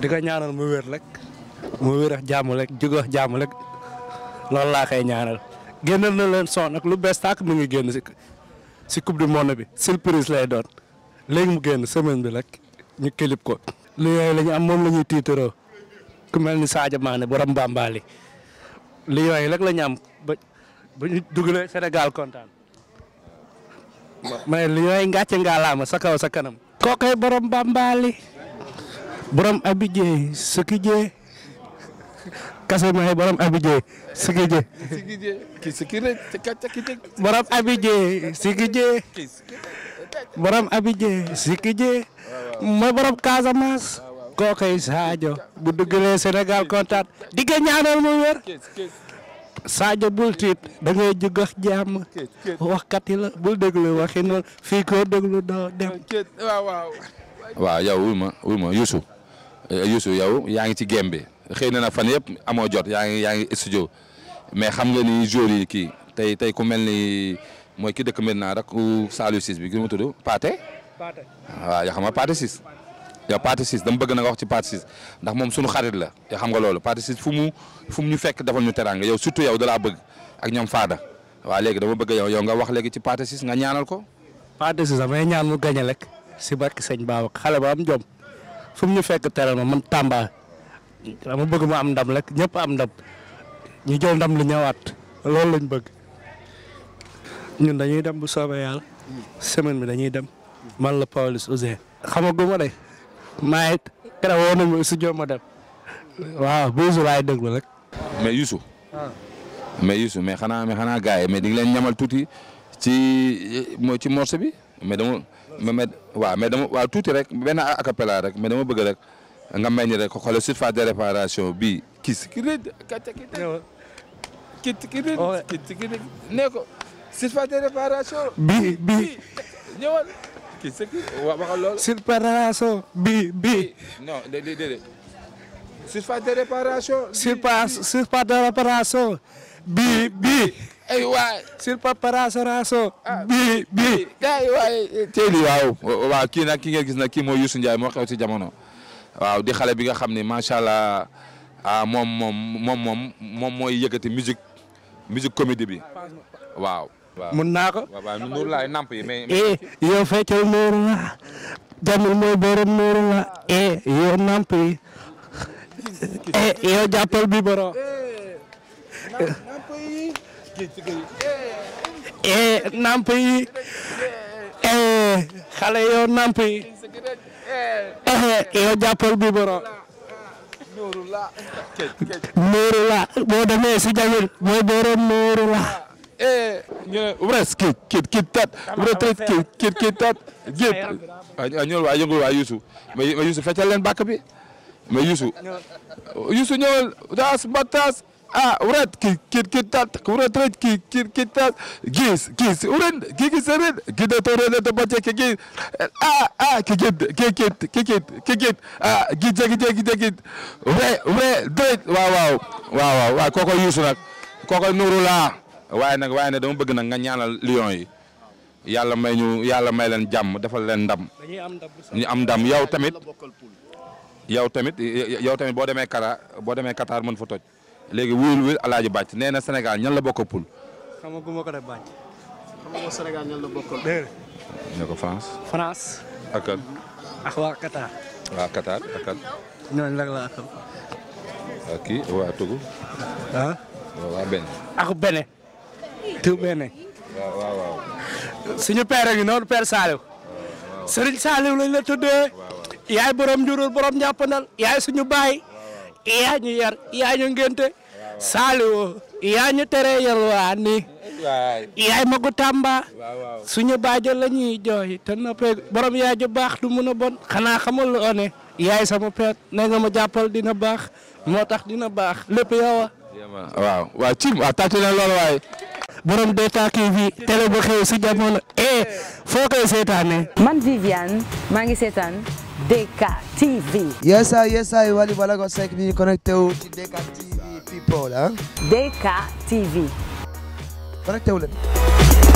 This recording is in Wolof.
di ko ñaanal mu wér rek mu wér ak jàmm rek jóg ak jàmm rek loolu laa koy ñaanal génnal na leen son nag lu bees tàkk mu ngi génn si si coupe du monde bi surprise lay doon léegi mu génn semaine bi rek ñu kilip ko. lu yooyu la ñu am moom la ñuy tiitaroo ku mel ni Sadio Mané borom Bambali li yooyu rek la ñu am ba ba ñu Sénégal kontaan ma li yooyu ngàcce ngaa sa kaw sa kanam. kookoy borom Bambali. borom abidje sikije kasamay borom abidje sikije sikije ki sikire cakacakite borom abidje sikije borom abidje sikije mooy borom Casamance kookay Sadio mu wér Sadio bul tiit da ngay jug ak jàmm bul déglu waxi fii ko doo dem waaw waaw wuy ma wuy ma Youssou Euh, Youssou yow yaa ngi ci game bi xëy na fan yëpp amoo jot yaa ngi yaa ngi studio mais xam nga ni joueurs yi kii tey tey ku mel ni mooy ki dëkk maintenant rek Saliou Ciss bi gi ma tudd Pathé. Pathé waaw xam nga Pathé Ciss. yow Pathé Ciss dama bëgg na nga wax ci Pathé Ciss ndax moom suñu xarit la yoo xam nga loolu Pathé Ciss fu mu fu mu ñu fekk defal ñu teraanga yow surtout yow dalaa bëgg ak ñoom Fada waaw léegi dama bëgg yow yow nga wax léegi ci Pathé Ciss nga ñaanal ko. Pathé Ciss damay ñaan mu gañ a lekk si sëñ Ba xale ba am fu mu ñu fekk teral ma man Tamba dama bëgg mu am ndam lekk ñëpp am ndam ñu jël ndam lu ñëwaat loolu lañ bëgg. ñun dañuy dem bu soobee yàlla semaine bi dañuy dem man la Pawlish Ouzin xamaguma de maa it keroog woo nañ ma studio ma dem waaw bu Youssou laay déglu rek. mais Youssou. mais Youssou mais xanaa mais xanaa gars yi mais di ngi leen ñamal tuuti ci mooy ci morse bi. mais dama rek benn acapella rek mais dama bëgg rek de réparation bi kis ki rëdd kàcce ki rëdd kit ki de réparation bi bi ñëwal de réparation surface surface ay waay sur papa raso raso ah. bi bi ay waay tey li waaw waaw kii nag ki ngeen gis nag kii mooy Youssou Ndiaye moo xew ci jamono waaw di xale bi nga xam ne macha allah ah moom moom moom moom moom mooy yëkkati musique musique comédie bi waaw. mun naa ko waaw waaw nuur laay namp yi mais. Eh, yow feccal nuur la jamul mooy borom nuur la eh, yow namp yi eh, yow jàppal bi borom. eh namp yi eh xale yow namp yi eh bi borom nuuru la boo demee si jawil mooy borom nuuru kit kit tat ubres kit kit tat gépp ah, ñu waa yëngul waa Youssou mais Youssou feccal leen bàkk bi mais Youssou Youssou ñëwal daas mbatas ah urat ki kit kitat urat ret ki kit kitat gis gis uren gigis ren gida to ren to bache ki gid ah ki gid ki kit ki kit ki gid ah gid gid gid gid we we doit waaw waaw nag kooko nuru laa waaye nag waaye nag dama bëgg nag nga ñaanal lion yi yàlla may ñu yàlla may leen jàmm defal leen ndam ñu am ndam yow tamit yow tamit yow tamit boo demee kara boo demee Qatar mën fa toj léegi wuyul wuyul Alaaji Bàcc nee na Sénégal ñan la bokk ko def Sénégal ñan la bokk. dégg France. France. ak ak waa Qatar. waa Qatar ak ak kan. ak kii waa ah. waa Bénin. ak Bénin. tout Bénin. waaw waaw waaw. suñu per gi noonu père Saliou. waaw Serigne Saliou lañ la tuddee. yaay borom njurul borom njàppandal yaay suñu baay. yaay ñu yar yaay ñu ngénte Saliou yaa ñu tere yalwaani yaay magu Tamba suñu baajo la ñuy jooy te noppee borom yaay ju baax du mun a bon xanaa xamal lu one yaay sama peet na nga ma jàppal dina baax moo tax dina baax lépp yow a waaw waaw ci waaw tàcc na loolu waaye borom Deta TV télé bu xew si jamono eh foo koy seetaanee man Viviane maa ngi seetaan Deka TV yes sir yes sir Wally Ballago Seck mi connecté wu people, hein? Ah. DKTV. connectez-vous